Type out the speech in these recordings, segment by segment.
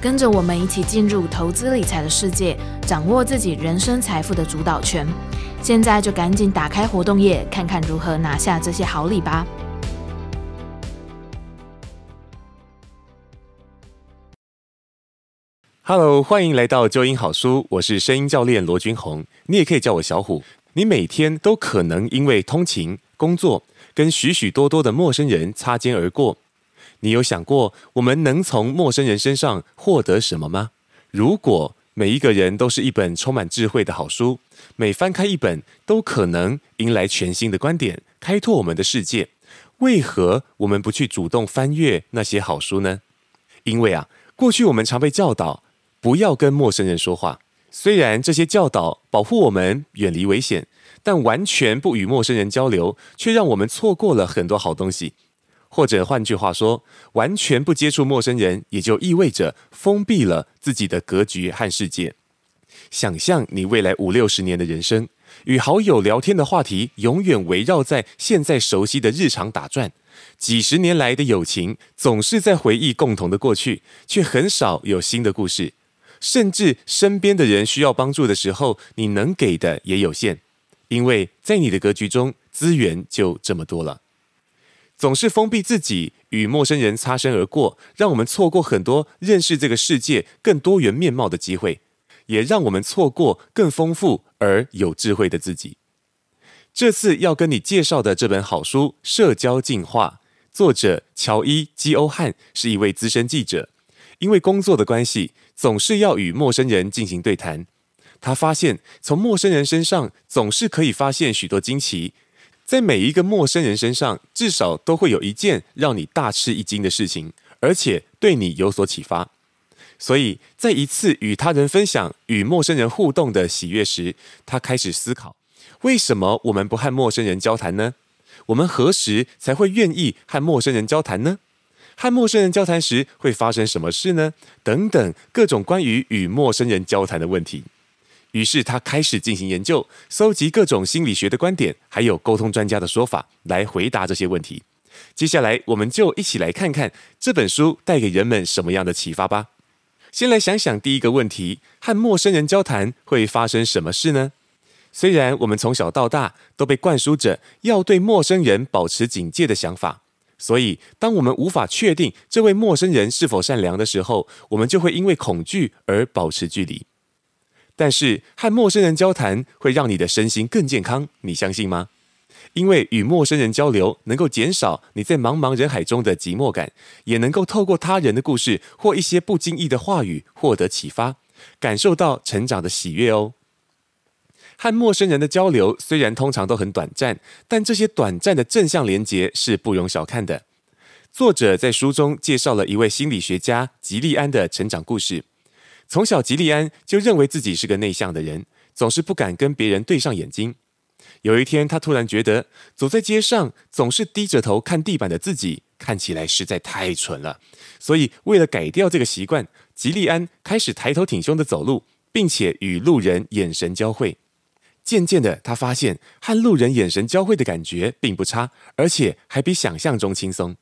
跟着我們一起進入投資理財的世界，掌握自己人生財富的主導權。現在就趕緊打開活動頁，看看如何拿下這些好禮吧！Hello，歡迎來到舊英好書，我是聲音教練羅君紅，你也可以叫我小虎。你每天都可能因為通勤、工作，跟許許多多的陌生人擦肩而過。你有想過，我們能從陌生人身上獲得什麼嗎？如果每一個人都是一本充滿智慧的好書，每翻開一本，都可能迎來全新的觀點，開拓我們的世界。為何我們不去主動翻閱那些好書呢？因為啊，過去我們常被教導不要跟陌生人說話，雖然這些教導保護我們遠離危險，但完全不與陌生人交流，卻讓我們錯過了很多好東西。或者換句話說，完全不接觸陌生人，也就意味着封閉了自己的格局和世界。想象你未來五六十年的人生，與好友聊天的話題永遠圍繞在現在熟悉的日常打轉，幾十年來的友情總是在回憶共同的過去，卻很少有新的故事。甚至身邊的人需要幫助的時候，你能給的也有限，因為在你的格局中，資源就這麼多了。總是封閉自己，與陌生人擦身而過，讓我們錯過很多認識這個世界更多元面貌的機會，也讓我們錯過更豐富而有智慧的自己。這次要跟你介紹的這本好書《社交進化》，作者喬伊基歐漢是一位資深記者，因為工作的關係，總是要與陌生人進行對談。他發現，從陌生人身上總是可以發現許多驚奇。在每一個陌生人身上，至少都會有一件讓你大吃一驚的事情，而且對你有所啟發。所以，在一次與他人分享與陌生人互動的喜悅時，他開始思考：為什麼我們不和陌生人交談呢？我們何時才會願意和陌生人交談呢？和陌生人交談時會發生什麼事呢？等等各種關於與陌生人交談的問題。於是他開始進行研究，蒐集各種心理學的觀點，還有溝通專家的說法，來回答這些問題。接下來，我們就一起來看看這本書帶給人們什麼樣的啟發吧。先來想想第一個問題：和陌生人交談會發生什麼事呢？雖然我們從小到大都被灌輸着要對陌生人保持警戒的想法，所以當我們無法確定這位陌生人是否善良的時候，我們就會因為恐懼而保持距離。但是和陌生人交談會讓你的身心更健康，你相信嗎？因為與陌生人交流能夠減少你在茫茫人海中的寂寞感，也能夠透過他人的故事或一些不經意的話語獲得啟發，感受到成長的喜悅哦。和陌生人的交流雖然通常都很短暫，但這些短暫的正向連結是不容小看的。作者在書中介紹了一位心理學家吉利安的成長故事。從小，吉利安就認為自己是個內向的人，總是不敢跟別人對上眼睛。有一天，他突然覺得走在街上總是低着頭看地板的自己看起來實在太蠢了，所以為了改掉這個習慣，吉利安開始抬頭挺胸地走路，並且與路人眼神交匯。漸漸的，他發現和路人眼神交匯的感覺並不差，而且還比想象中輕鬆。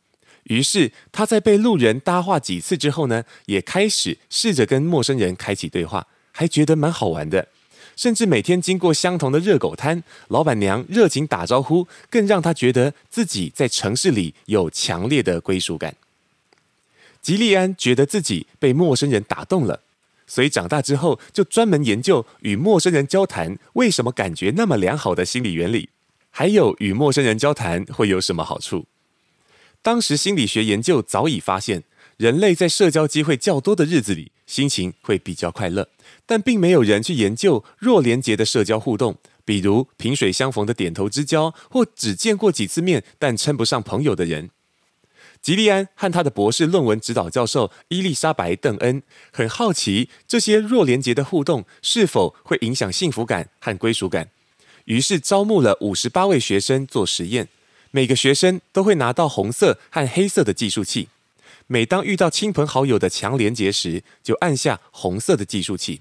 於是他在被路人搭話幾次之後呢，也開始試着跟陌生人開啟對話，還覺得蠻好玩的。甚至每天經過相同的熱狗攤，老闆娘熱情打招呼，更讓他覺得自己在城市裡有強烈的歸屬感。吉利安覺得自己被陌生人打動了，所以長大之後就專門研究與陌生人交談為什麼感覺那麼良好的心理原理，還有與陌生人交談會有什麼好處。當時心理學研究早已發現，人類在社交機會較多的日子裡，心情會比較快樂，但並沒有人去研究弱連結的社交互動，比如萍水相逢的點頭之交，或只見過幾次面但稱不上朋友的人。吉利安和他的博士論文指導教授伊麗莎白·鄧恩很好奇，這些弱連結的互動是否會影響幸福感和歸屬感，於是招募了五十八位學生做實驗。每個學生都會拿到紅色和黑色的計數器，每當遇到親朋好友的強連接時，就按下紅色的計數器；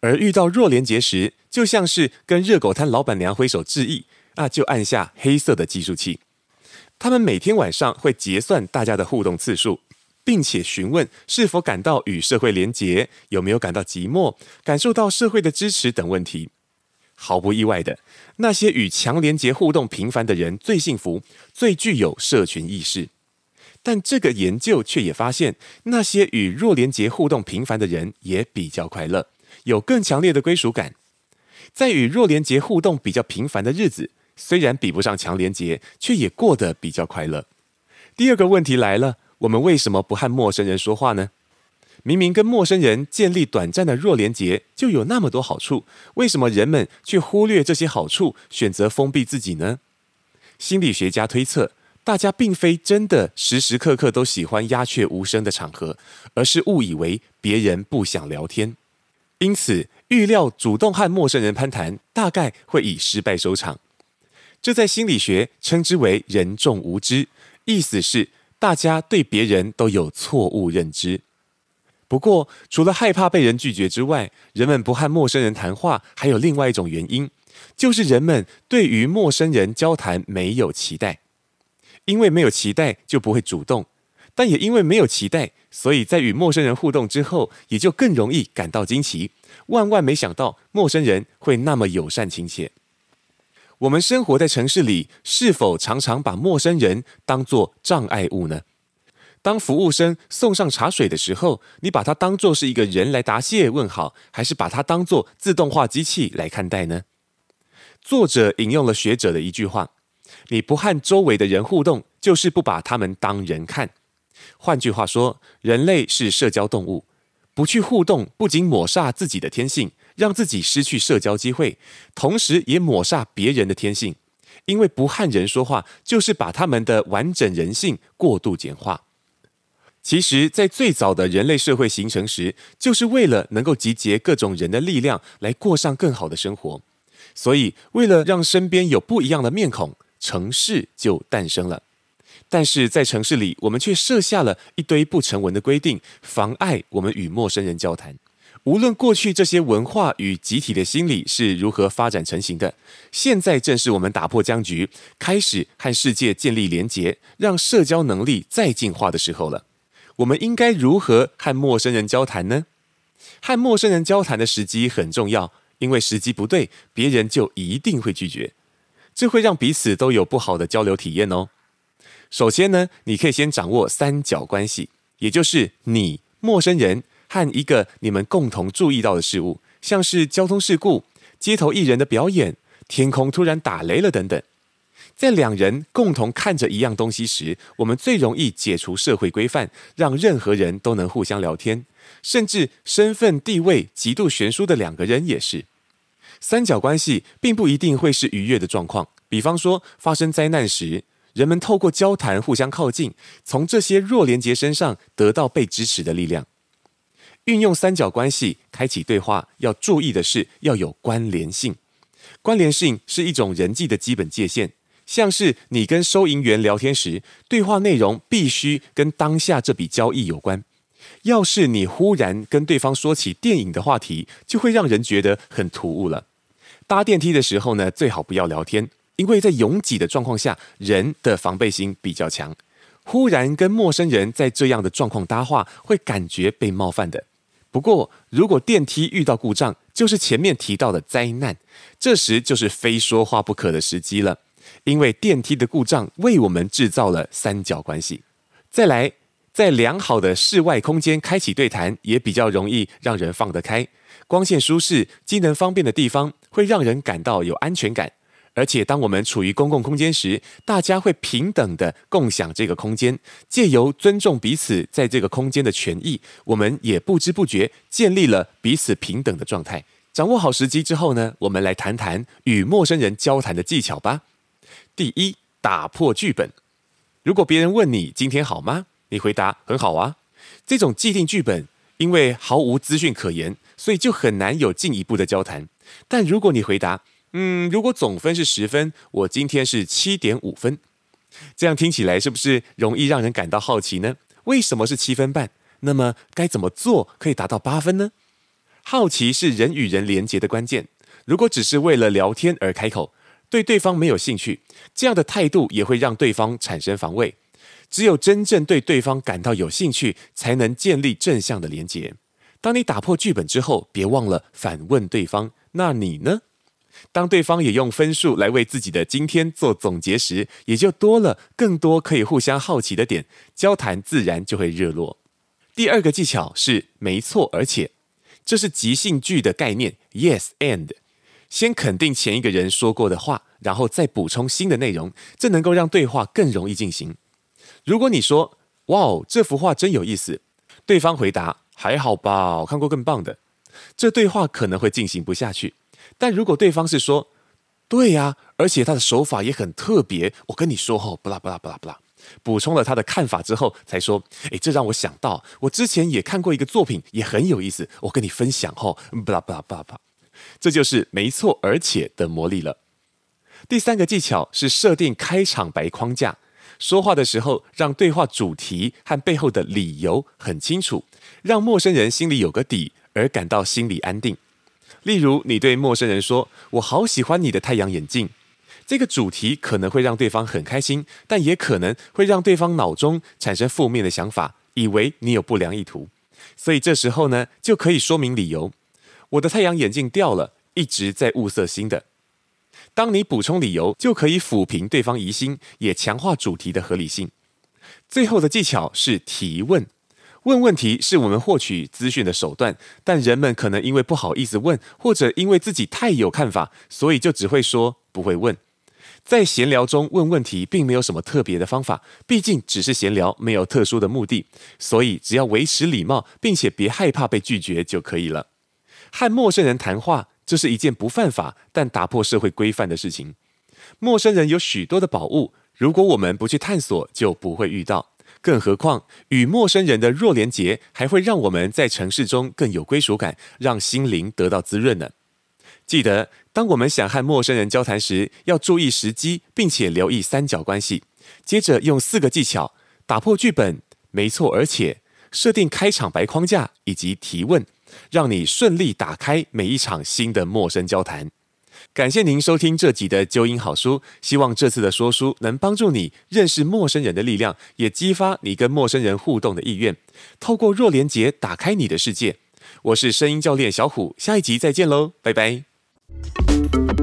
而遇到弱連接時，就像是跟熱狗攤老闆娘揮手致意，那就按下黑色的計數器。他們每天晚上會結算大家的互動次數，並且詢問是否感到與社會連接，有沒有感到寂寞，感受到社會的支持等問題。毫不意外的，那些與強連結互動頻繁的人最幸福，最具有社群意識。但這個研究卻也發現，那些與弱連結互動頻繁的人也比較快樂，有更強烈的歸屬感。在與弱連結互動比較頻繁的日子，雖然比不上強連結，卻也過得比較快樂。第二個問題來了：我們為什麼不和陌生人說話呢？明明跟陌生人建立短暫的弱連結，就有那麼多好處，為什麼人們卻忽略這些好處，選擇封閉自己呢？心理學家推測，大家並非真的時時刻刻都喜歡鴉雀無聲的場合，而是誤以為別人不想聊天，因此預料主動和陌生人攀談大概會以失敗收場。這在心理學稱之為“人眾無知”，意思是大家對別人都有錯誤認知。不過，除了害怕被人拒絕之外，人們不和陌生人談話還有另外一種原因，就是人們對於陌生人交談沒有期待，因為沒有期待就不會主動，但也因為沒有期待，所以在與陌生人互動之後，也就更容易感到驚奇，萬萬沒想到陌生人會那麼友善親切。我們生活在城市裡，是否常常把陌生人當作障礙物呢？當服務生送上茶水的時候，你把它當作是一個人來答謝問好，還是把它當作自動化機器來看待呢？作者引用了學者的一句話：“你不和周圍的人互動，就是不把他們當人看。”換句話說，人類是社交動物，不去互動，不僅抹殺自己的天性，讓自己失去社交機會，同時也抹殺別人的天性，因為不和人說話，就是把他們的完整人性過度簡化。其實，在最早的人類社會形成時，就是為了能夠集結各種人的力量，來過上更好的生活。所以，為了讓身邊有不一樣的面孔，城市就誕生了。但是在城市裡，我們卻設下了一堆不成文的規定，妨礙我們與陌生人交談。無論過去這些文化與集體的心理是如何發展成型的，現在正是我們打破僵局，開始和世界建立連結，讓社交能力再進化的時候了。我們應該如何和陌生人交談呢？和陌生人交談的時機很重要，因為時機不對，別人就一定會拒絕，這會讓彼此都有不好的交流體驗哦。首先呢，你可以先掌握三角關係，也就是你、陌生人和一個你們共同注意到的事物，像是交通事故、街頭藝人的表演、天空突然打雷了等等。在兩人共同看着一樣東西時，我們最容易解除社會規範，讓任何人都能互相聊天，甚至身份地位極度懸殊的兩個人也是。三角關係並不一定會是愉悅的狀況。比方說，發生災難時，人們透過交談互相靠近，從這些弱連結身上得到被支持的力量。運用三角關係開啟對話，要注意的是要有關聯性。關聯性是一種人際的基本界限。像是你跟收銀員聊天時，對話內容必須跟當下這筆交易有關。要是你忽然跟對方說起電影的話題，就會讓人覺得很突兀了。搭電梯的時候呢，最好不要聊天，因為在擁擠的狀況下，人的防備心比較強。忽然跟陌生人在這樣的狀況搭話，會感覺被冒犯的。不過，如果電梯遇到故障，就是前面提到的災難，這時就是非說話不可的時機了。因為電梯的故障為我們製造了三角關係。再來，在良好的室外空間開啟對談也比較容易讓人放得開。光線舒適、機能方便的地方會讓人感到有安全感。而且，當我們處於公共空間時，大家會平等地共享這個空間，借由尊重彼此在這個空間的權益，我們也不知不覺建立了彼此平等的狀態。掌握好時機之後呢，我們來談談與陌生人交談的技巧吧。第一，打破劇本。如果別人問你今天好嗎？你回答很好啊，這種既定劇本，因為毫無資訊可言，所以就很難有進一步的交談。但如果你回答，嗯，如果總分是十分，我今天是七點五分，這樣聽起來是不是容易讓人感到好奇呢？為什麼是七分半？那麼該怎麼做可以達到八分呢？好奇是人與人連結的關鍵。如果只是為了聊天而開口。對對方沒有興趣，這樣的態度也會讓對方產生防衛。只有真正對對方感到有興趣，才能建立正向的連結。當你打破劇本之後，別忘了反問對方：“那你呢？”當對方也用分數來為自己的今天做總結時，也就多了更多可以互相好奇的點，交談自然就會熱絡。第二個技巧是沒錯，而且這是即興劇的概念，Yes and。先肯定前一個人說過的話，然後再補充新的內容，這能夠讓對話更容易進行。如果你說：“哇哦，這幅畫真有意思。”對方回答：“還好吧，我看過更棒的。”這對話可能會進行不下去。但如果對方是說：“對呀，而且他的手法也很特別。”我跟你說哦，不拉不拉不拉不拉，補充了他的看法之後，才說：“誒，這讓我想到，我之前也看過一個作品，也很有意思，我跟你分享哦，不拉不拉不拉不拉。”這就是沒錯，而且的魔力了。第三個技巧是設定開場白框架，說話的時候讓對話主題和背後的理由很清楚，讓陌生人心裡有個底，而感到心理安定。例如，你對陌生人說：“我好喜歡你的太陽眼鏡。”這個主題可能會讓對方很開心，但也可能會讓對方腦中產生負面的想法，以為你有不良意圖。所以這時候呢，就可以說明理由。我的太陽眼鏡掉了，一直在物色新的。當你補充理由，就可以撫平對方疑心，也強化主題的合理性。最後的技巧是提問。問問題是我們獲取資訊的手段，但人們可能因為不好意思問，或者因為自己太有看法，所以就只會說不會問。在閒聊中問問題，並沒有什麼特別的方法，畢竟只是閒聊，沒有特殊的目的，所以只要維持禮貌，並且別害怕被拒絕就可以了。和陌生人談話，這是一件不犯法但打破社會規範的事情。陌生人有許多的寶物，如果我們不去探索，就不會遇到。更何況，與陌生人的弱連結，還會讓我們在城市中更有歸屬感，讓心靈得到滋潤呢。記得，當我們想和陌生人交談時，要注意時機，並且留意三角關係。接着，用四個技巧打破劇本，沒錯，而且設定開場白框架以及提問，讓你順利打開每一場新的陌生交談。感謝您收聽這集的糾音好書，希望這次的說書能幫助你認識陌生人的力量，也激發你跟陌生人互動的意願。透過弱連結打開你的世界。我是聲音教練小虎，下一集再見嘍，拜拜。